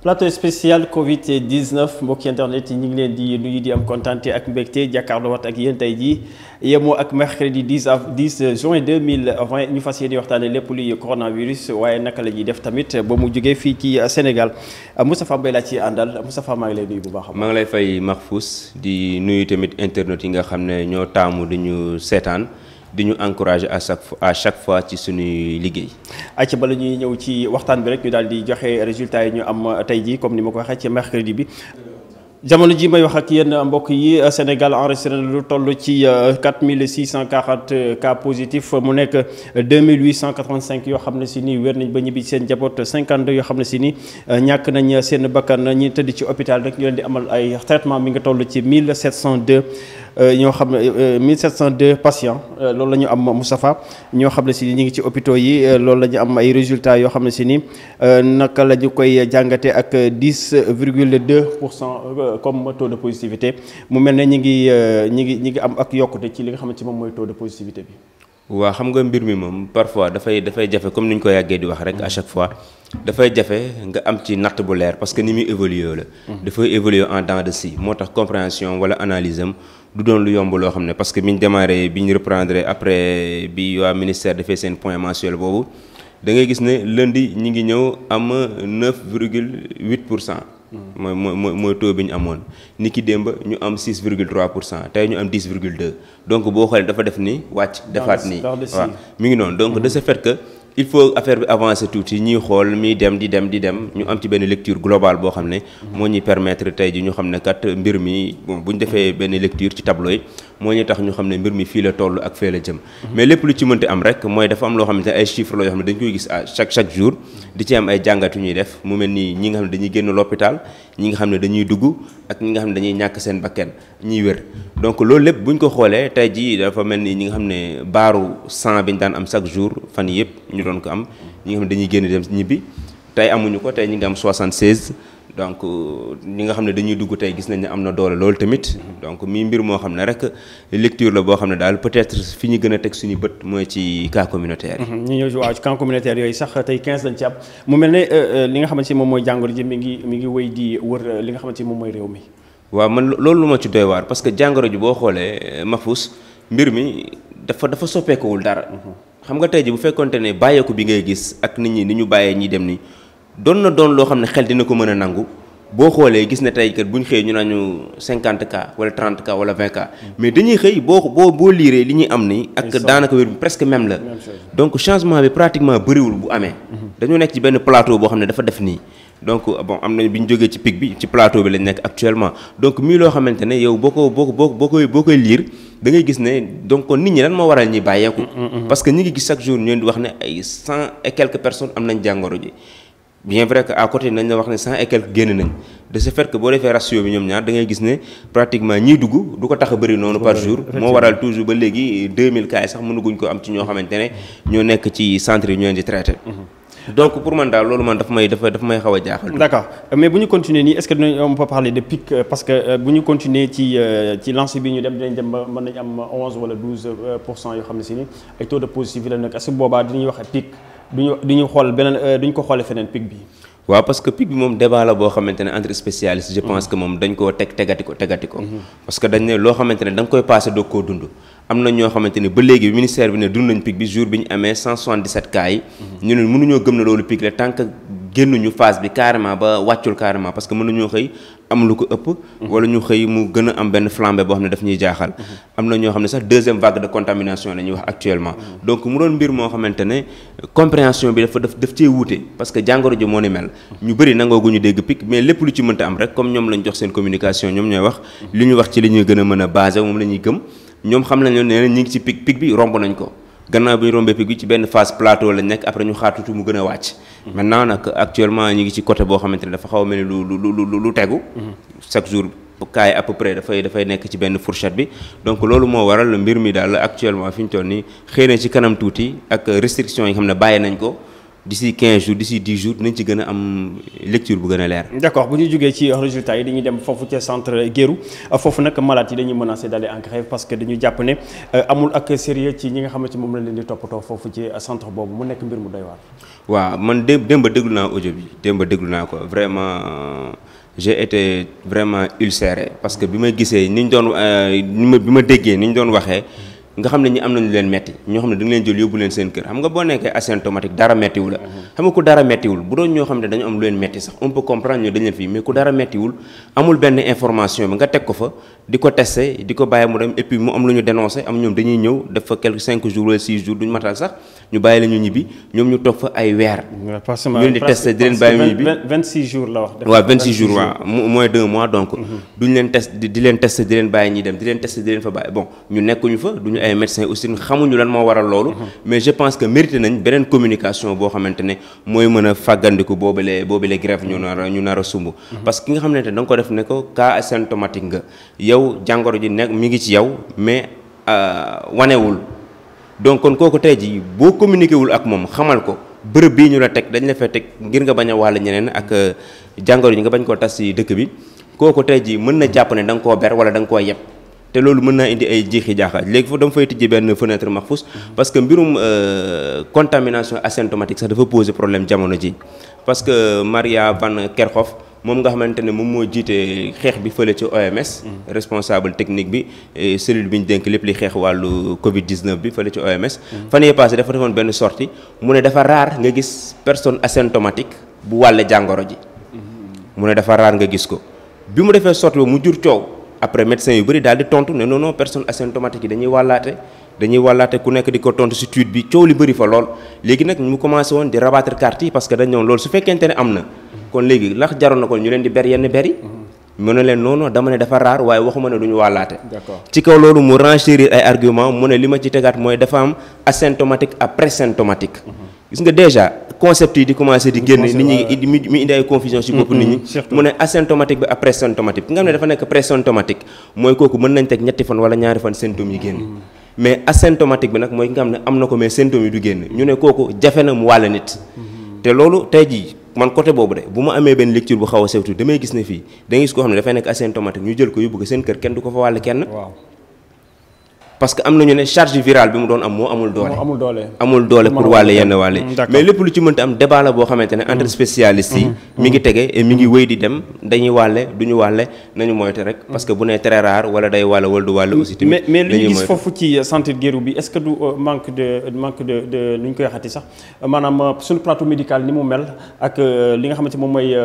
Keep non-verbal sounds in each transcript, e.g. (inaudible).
plateau spécial Covid 19 mbokki internet yi ñu ngi leen di nuyu di am kontaan ak mbégte jàkkaarloo waat ak yéen tey jii yemoo ak mercredi 10 à 10 juin 2020 ñu fas yéene waxtaanee lépp lu luy coronavirus waaye naka la ñuy def tamit ba mu jógee fii ci Sénégal Moustapha Mbaye laa ci àndal Moustapha maa ngi lay nuyu bu baax. maa ngi lay fay Mahfous di nuyu tamit internet yi nga xam ne ñoo taamu di ñu seetaan. di ñu encourager à chaque à chaque fois ci suñuy liggéey. ayca bala ñuy ñëw ci waxtaan bi rek ñu daal di joxe résultat yi ñu am euh, tey jii comme ni ma ko waxee ci mercredi bi. jamono ji may wax ak yenn euh, mbokk yi euh, Sénégal en na lu toll ci 4640 cas positifs mu nekk 2885 yoo xam ne si nii wér nañ ba ñibbi seen njaboot 52 yoo xam ne si nii ñàkk nañ seen bakkan ñi tëdd ci hôpital rek ñu di amal ay traitement mi nga toll ci 1702. Euh, ñoo xam ne euh, euh, 1702 patients loolu la ñu am Moustapha ñoo xam ne si ni ñu ngi ci hôpitaux yi loolu la ñu am ay résultat yoo xam ne si ni naka la ñu koy jàngatee ak 10 virgule 2 pour cent comme taux de positivité mu mel ne ñi ngi ñi ngi ñi ngi am ak yokkute ci li nga xamante ne moom mooy taux de positivité bi. waaw xam nga mbir mi moom parfois dafay dafay jafe comme ni ñu ko yàggee di wax rek a chaque fois dafay jafe nga am ci natt bu leer parce que ni mu évoluer la. Mm-hmm. dafay évoluer en temps de si moo tax compréhension wala analyse am. du doon lu yomb loo xam ne parce que bi ñu démarré bi ñu reprendre après bi waa ministère defee seen point mensuel boobu da ngay gis ne lundi ñi ngi ñëw am 9 virgule 8 pour cent. mooy mooy mooy taux bi ñu amoon. ni ki démb ñu am 6 virgule 3 pour cent tey ñu am 10 virgule 2 donc boo xoolee dafa def ni wàcc. defaat ni waaw mi ngi noonu donc de ce fait il faut affaire bi avancer tuuti ñuy xool mi dem di dem di dem ñu am ci benn lecture globale boo xam ne moo ñi permettre tey ji ñu xam ne kat mbir mi bon bu ñu defee benn lecture ci tableau yi mooy ñu tax ñu xam ne mbir mi fii la toll ak fee la jëm mais lépp lu ci mënti am rek mooy dafa am loo xam ne ay chiffres la yoo xam ne dañ koy gis chaque chaque jour di ci am ay jàngat ñuy def mu mel nii ñi nga xam ne dañuy génn l'hôpital ñi nga xam ne dañuy dugg ak ñi nga xam ne dañuy ñàkk seen bakken ñuy wér donc loolu lépp bu buñ ko xoolee tey jii dafa mel ni ñi nga xam ne baaru sang bi ñu daan am chaque jour fan yëpp ñu doon ko am ñi nga xam ne dañuy génn dem ñibbi tey amuñu ko ñi nga am 76 donc ñi nga xam ne dañuy dugg tey gis nañ ne am na doole loolu tamit donc mii mbir moo xam ne rek lecture la boo xam ne daal peut-être fi ñu gën a teg suñu bët mooy ci cas communautaire yi mhm, ñu ñëw waaw ci cas communautaire yooyu sax tey 15 lañ ci mu mel ne euh, euh, li nga xamante si moom mooy jàngoro ji mi ngi mi ngi wéy di wër euh, li nga xam ne si moom mooy réew mi waaw man loolu lu ma ci doy waar parce que jàngoro ji boo xoolee mafus mbir mi dafa dafa soppeekuwul dara mhm. xam nga tey ji bu fekkonte ne bàyyeeku bi ngay gis ak nit ñi ni ñu bàyyee ñi dem ni doon na doon loo xam ne xel dina ko mën a nangu boo xoolee gis ne tey kat bu ñu xëyee ñu nañu cinquante cas wala trente cas wala vingt cas mais dañuy xëy boo boo boo liiree li ñuy am ni ak daanaka wér presque même la donc changement bi pratiquement bëriwul bu amee mhm. dañoo nekk ci benn plateau boo xam ne dafa def nii donc bon am nañ bi ñu jógee ci pic bi ci plateau bi lañu nekk actuellement donc mii loo xamante ne yow boo ko boo boo koy boo liir ngay gis ne donc kon ñi lan moo waral ñi bàyyeeku mm, mm, mm. parce que ñi ngi gis chaque jour ñoon di wax ne ay cent et quelques am nañ jàngoro ji bien vrai que à côté nañ la wax ne cent et quelques génn nañ de ce fait que boo defee ratio bi ñoom ñaar da gis ne pratiquement ñiy dugg du ko tax a bëri noonu par jour moo waral toujours ba léegi 2000 cas yi sax mënaguñ ko am ci ñoo xamante ne ñoo nekk ci centre yi mhm. ñu a euh, euh, euh, dem dinañ dem ba mën nañ am 11 wala 12 pour cent yoo xam ne si ni ay taux de positif yi la nekk est boobaa dinañuy wax pic. duñu duñu xool beneen euh, duñ ko xoolee feneen pic bi. waaw parce que bi moom débat boo xamante ne entre spécialistes je mm-hmm. pense que moom dañ koo teg tegati ko tegati ko. Mm-hmm. parce dañ ne loo xamante ne da koy passé doog koo dund. am na ñoo xamante ne ba léegi ministère bi ne dund nañ pic bi jour bi ñu amee 177 cas yi. Mm-hmm. ñu ne mënuñoo gëm na loolu pic la tant génnuñu phase bi carrément ba wàccul carrément parce que mën nañoo xëy am lu ko ëpp. wala ñu xëy mu gën a am benn flambée boo xam ne daf ñuy jaaxal. am na ñoo xam ne sax deuxième vague de contamination la ñuy wax actuellement. donc mu doon mbir moo xamante ne compréhension bi dafa def def cee wute parce que jàngoro ji moo ni mel. ñu bari nangoo gu ñu dégg pic mais lépp lu ci mënta am rek comme ñoom lañ jox seen communication ñoom ñooy wax. li ñu wax ci li ñuy gën a mën a basé moom la ñuy gëm ñoom xam nañ ne nee ngi ci pic pic bi romb nañ ko. gannaaw bi ñu rombee pic bi ci benn phase plateau lañ nekk après ñu xaar tuuti mu gën a wàcc. Mm-hmm. maintenant nag actuellement ñu ngi ci côté boo xamante ne dafa xaw a mel ni lu lu lu lu tegu. Mm-hmm. chaque jour kaay à peu près dafay nekk ci benn fourchette bi donc loolu moo waral mbir mi daal actuellement fi ñu toll nii xëy na ci kanam tuuti ak restriction yi xam ne bàyyi nañ ko. d'ici 15 jours d'ici 10 jours dinañ ci gën a am lecture bu gën a leer. d' accord bu ñu jógee ci résultats yi dañuy dem foofu ca centre Guérou foofu nag malades yi dañuy menacé d' aller en parce que dañu jàpp ne euh, amul ak sérieux ci ñi nga xamante moom la leen di toppatoo foofu ci centre boobu mu nekk mbir mu doy waar. waaw man dé démb déglu naa audio bi démb déglu naa ko vraiment euh, j'ai été vraiment ulcéré parce que bi ma gisee ni ñu doon euh, ni ma bi ma déggee ni ñu doon waxee. nga xam ne ñi am nañu leen metti ñoo xam ne da leen jël yóbbu leen seen kër xam nga boo nekkee asymptomatique dara mettiwu la mhm. xam nga ku dara mettiwul bu doon ñoo xam ne dañu am lu leen metti sax on peut comprendre ñu dañ leen mais ku dara mettiwul amul benn information bi nga teg ko fa di ko teste di ko bàyyi mu dem et puis mu am lu ñu am ñoom dañuy ñëw def fa quelques cinq jours wala six jours duñu matal sax ñu bàyyi la ñu ñibbi ñoom ñu toog fa ay weer. ñu leen di testé di leen bàyyi ñu ñibbi vingt six jours la wax. waaw vingt six jours waaw moins d'un mois donc. Mhm. duñ leen test di leen testé di leen bàyyi ñuy dem di leen testé di leen fa bàyyi bon ñu nekkuñu fa duñu ay médecins aussi xamuñu lan moo waral loolu. Mhm. mais je pense que mérité nañ beneen communication boo xamante ne mooy mën a fàggandiku boobale ñu nar a ñu nar a sumb. Mhm. parce yow jàngoro ji nekk mu ngi ci yow mais euh, wanewul donc kon kooku tey ji boo communiqué wul ak moom xamal ko bërëb bii ñu la teg dañ la fee teg ngir nga bañ a wàll ñeneen ak euh, jàngoro ji nga bañ koo tas ci dëkk bi kooku tey ji mën na jàpp ne da nga koo ber wala danga nga koo yeb te loolu mën naa indi ay jiixi jaaxa léegi foofu dama fay tijji benn fenêtre maxfus parce que mbirum euh, contamination asymptomatique sax dafa poser problème jamono ji parce que Maria Van Kerkhoff moom nga xamante ne moom moo jiite xeex bi fële ci OMS. Mm. responsable technique bi cellule bi ñu dénk lépp li xeex wàllu Covid 19 bi fële ci OMS. Mm. fan yii passé dafa woon benn sortie mu ne dafa raar nga gis personne asymptomatique bu wàlle jàngoro ji. Mm-hmm. mu ne dafa raar nga gis ko bi mu defee sortie mu jur coow après médecin yu bëri daal di tontu ne non non personne asymptomatique yi dañuy wàllaate. dañuy wàllaate ku nekk di ko tontu si tweet bi coow li bëri fa lool léegi nag mu commencé woon di rabattre carte yi parce que dañ ñëw loolu am na kon léegi lax jaroon na ko ñu leen di ber yenn beri mhm. mu ne leen noonu dama ne dafa raar waaye waxuma ne duñu wàllaate ci kaw loolu mu renchérir ay argument mu ne li ma ci tegaat mooy dafa am asymptomatique ak présymptomatique mhm. gis di commencé di génn nit ñi mi indi ay confusion ci bopp nit ñi mhm, mu ne ki nga xam ne dafa nekk présymptomatique mooy kooku mën nañ teg ñetti fan wala ñaari fan symptômes yi génn mais asymptomatique bi nag mooy ki nga xam ne am na ko mais symptômes yi du génn ñu ne kooku jafe na mu wàll man côté boobu de bu ma amee benn lecture bu xaw a sewtu damay gis ne fii da ngay gis koo xam ne dafay nekk asymptomatique ñu jël ko yóbbu ko seen kër kenn du ko fa wàll kenn. waaw parce que am nañu ne charge virale bi mu doon am moo amul doole. amul doole amul doole pour wàll yenn wàll mais lépp lu ci mënta am débat boo xamante ne entre mm-hmm. spécialistes yi. Mm-hmm. mi ngi tege et mi ngi mm-hmm. wéy di dem dañuy wàlle du ñu wàlle nañu moytu rek. parce que bu ne très rare wala day wàll wala du wàll aussi. tamit mais mais li ñu gis foofu ci santé géeru bi est-ce que du euh, manque de manque de de lu ñu koy waxati sax maanaam euh, suñu plateau médical ni mu mel ak euh, li nga xamante moom mooy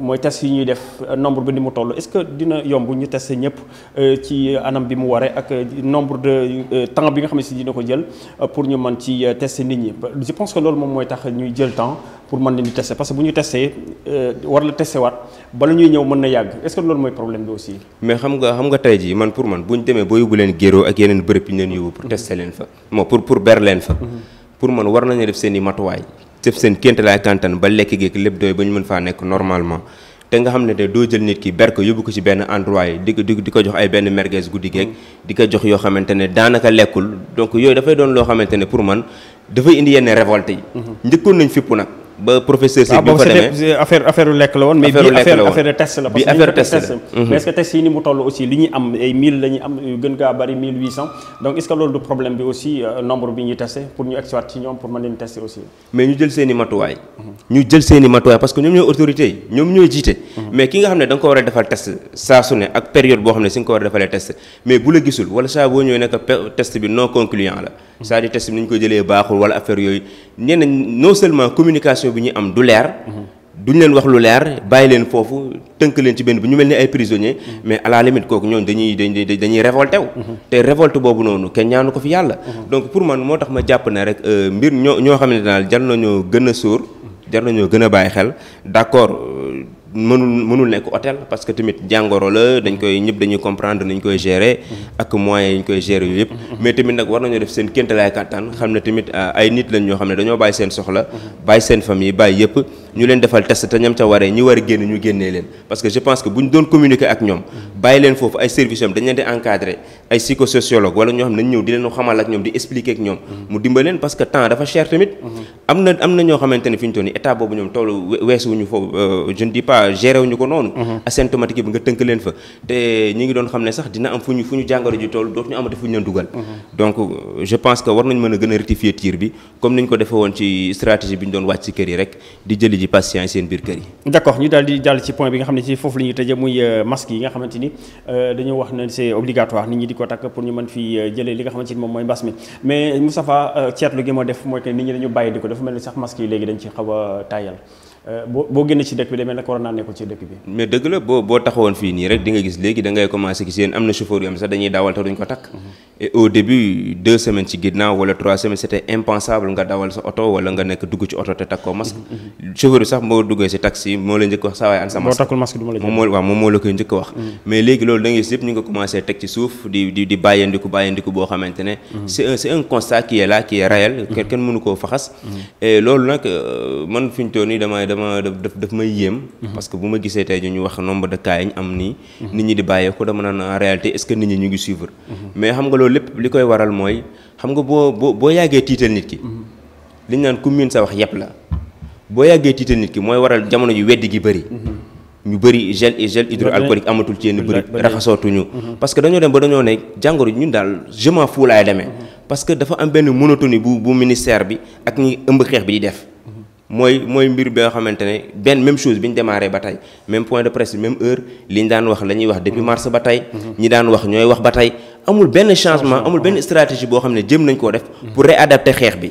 mooy test yi ñuy def nombre bi ni mu toll est-ce que dina yomb ñu test ñëpp ci anam bi mu waree ak nombre Euh, temps bi nga xam ne si dina ko jël euh, pour ñu mën ci euh, tester nit ñi je pense que loolu moom mooy tax ñuy jël temps pour mën leen di tester parce que bu ñu tester war la tester waat bala ñuy ñëw mën na yàgg est-ce que loolu mooy problème bi aussi. mais xam nga xam nga tey jii man pour man bu ñu demee ba yóbbu leen géro ak yeneen bërëb yi ñu leen yóbbu pour mm-hmm. tester leen fa moo pour pour ber leen fa. Mm-hmm. pour man war nañu def seen i matuwaay. def seen kéent laay te nga xam ne de doo jël nit ki ber ko yóbbu ko ci benn endroit yi di ko di ko jox ay benn merguez guddi geeg mm. di ko jox yoo xamante ne daanaka lekkul donc yooyu dafay doon loo xamante ne pour man dafay indi yenn révolte yi mm-hmm. njëkkoon nañ fippu nag ba professeur Seck ah, bi fa demee affaire affaire lekk la woon. mais bi affaire affaire test la. bi affaire test la mais mhm. est-ce que test yi ni mu toll aussi li ñuy am ay 1000 la ñuy am gën gaa bari 1800 donc est-ce que loolu du problème bi aussi euh, nombre bi ñuy testé pour ñu exploiter ci ñoom pour mën leen tester aussi. mais ñu jël seen i matuwaay. ñu jël seen i matuwaay parce que ñoom ñooy autorité yi ñoom ñooy jiite. Mhm. mais ki nga xam ne da nga ko war a defal test saa su ne ak période boo xam ne si nga ko war a defalee test mais bu la gisul wala saa boo ñëwee nekk test bi non concluant la. Mhm. c'est-à-dire test bi ni ñu ko jëlee baaxul wala affaire yooyu ñenn non seulement communication communication bi ñuy am du leer. duñ leen wax lu leer bàyyi leen foofu tënk leen ci benn bi ñu mel ni ay prisonniers mais à kooku ñooñu dañuy dañuy dañuy te révolte boobu noonu kenn ñaanu ko fi yàlla. donc pour man moo tax ma jàpp ne rek euh, mbir ñoo ñoo xam ne daal jar nañoo gën a sóor. jar nañoo gën a bàyyi xel d'accord. Euh, mënul nekk hôtel parce que tamit jàngoro la dañ koy ñëpp dañuy comprendre nañ koy gérer. ak moyens yi ñu koy gérer yooyu yëpp. mais tamit nag war nañoo def seen kéemtalaay kattan xam ne tamit euh, ay nit lañ ñoo ñu leen leen. parce que je pense que bu ñu doon communiquer ak ñoom. bàyyi leen foofu ay services dañ leen di ay psychosociologue wala ñoo xam ne ñëw di leen xamal ak ñoom di expliquer ak ñoom. mu dimbal parce que temps dafa cher fois gérer ko noonu mhm. asymptomatique bi nga tënk leen fa te ñi ngi doon xam ne sax dina am fu ñu fu ñu jàngoro ji tool dootuñu amati fu ñu leen mhm. di jàll ci point bi nga xam ne ci foofu la ñuy muy euh, masque yi nga xamante ni euh, dañoo wax ne c'est obligatoire nit ñi di ko takk pour ñu mën fi euh, jëlee li nga xamante ni moom mooy mbas mi mais Moustapha ceetlu gi moo def mooy que nit ñi dañu bàyyi di ko dafa mel ni sax masque yi léegi dañ ci xaw tayal Euh, boo boo génne ci dëkk bi demee nag war naa nekkul ci dëkk bi. mais dëgg la boo boo taxawoon fii nii rek dinga gis léegi da ngay commencé gis yéen am na chauffeur yu am sax dañuy dawal te ko takk. Mhm. et au début deux semaines ci ginnaaw wala trois semaines c'était impensable nga dawal sa oto wala nga nekk dugg ci oto te takkoo masque mhm, mhm, mhm. chauffeur sax boo duggee si moo la njëkk wax saa waay an sa masque moom moo la koy njëkk wax mais loolu ne c'est un c'est un constat qui est là nag euh, man fi ñu toll nii dama dama daf daf may yéem parce que bu ma gisee tey ñu wax nombre de cas yi ñu am nii nit ñi di bàyyeeku dama naan en réalité est-ce que nit ñi ñu ngi suivre mais xam nga loolu loolu lépp li koy waral mooy xam nga boo boo boo yàggee tiital nit ki. Mm-hmm. li ñu naan ku sa wax yëpp la boo yàggee tiital nit ki mooy waral jamono yu weddi gi bëri. Mm-hmm. ñu bëri gel gel hydroalcoolique amatul ci yenn bëri raxasootuñu mm-hmm. parce que dañoo dem ba dañoo ne jàngoro ñun daal je m'en fous laay demee. parce que dafa am benn monotonie bu bu ministère bi ak ñi ëmb xeex bi di def. mooy mooy mbir bi nga xamante ne benn même chose bi ñu démarré ba tey même point de presse même heure li ñu daan wax la ñuy wax depuis mars ba tey. ñi daan wax ñooy wax ba tey amul benn changement amul benn stratégie boo xam ne jëm nañ koo def. pour réadapter xeex bi.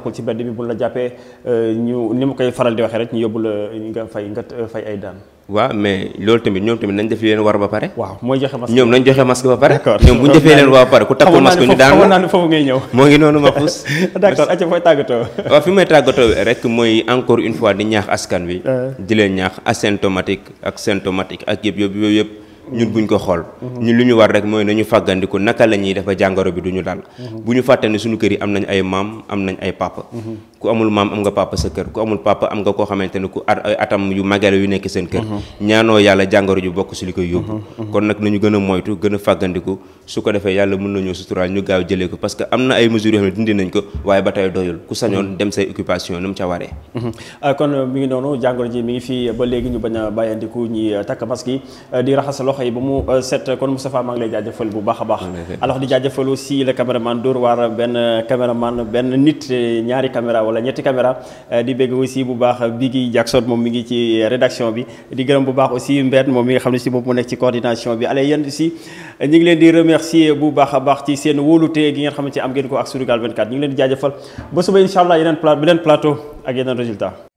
takkul ci mbedd bi bu la jàppee euh, ñu ni mu koy faral di waxee rek ñu yóbbu la nga fay nga fay ay daan. waa mais loolu tamit ñoom tamit nañ def leen war ba pare. waaw mooy joxe masque ñoom nañ joxe masque ba pare. d'accord ñoom bu ñu defee leen war ba pare ku takkul masque ñu daan la foofu ngay ñëw. moo ngi noonu ma xuus. (laughs) d'accord acca fooy tàggatoo. waaw fi may tàggatoo rek mooy encore une fois di ñaax askan wi. Euh. di leen ñaax asymptomatique ak symptomatique ak yëpp yooyu yëpp. ñun ñu ko xool ñun li ñu war rek mooy nañu fàggandiku naka la ñuy dafa jàngoro bi du ñu dal mhm. bu ñu fàtte suñu kër yi am nañ ay maam am nañ ay papa mhm. ku amul maam am nga papa sa kër ku amul papa am nga koo xamante ne ku atam yu magale yu nekk seen kër uh-huh. ñaanoo yàlla jàngoro ju bokk si li koy yóbbu uh-huh, uh-huh. kon nag nañu gën a moytu gën a fàggandiku su ko defee yàlla mën nañoo suturaal ñu gaaw jëlee ko parce am na ay mesures yoo dindi nañ ko waaye ba tey doyul ku sañoon dem say occupation ni mu ca waree ah, kon uh, mi ngi noonu jàngoro ji mi ngi fii ba léegi ñu bañ a bàyyandiku ñi uh, takk masque uh, di raxas loxo yi ba mu a wala ñetti caméra eh, di bégg aussi bu baax Biggy Jackson moom mi ngi ci eh, rédaction bi di gërëm bu baax aussi Mbène moom mi nga xam ne si bopp mu nekk ci coordination bi allez yéen aussi eh, ñu ngi leen di remercier bu baax a baax ci seen wóolute gi ngeen xamante am ngeen ko ak Sunugal 24 ñu ngi leen di jaajëfal ba suba incha allah yeneen plat beneen plateau ak yeneen résultat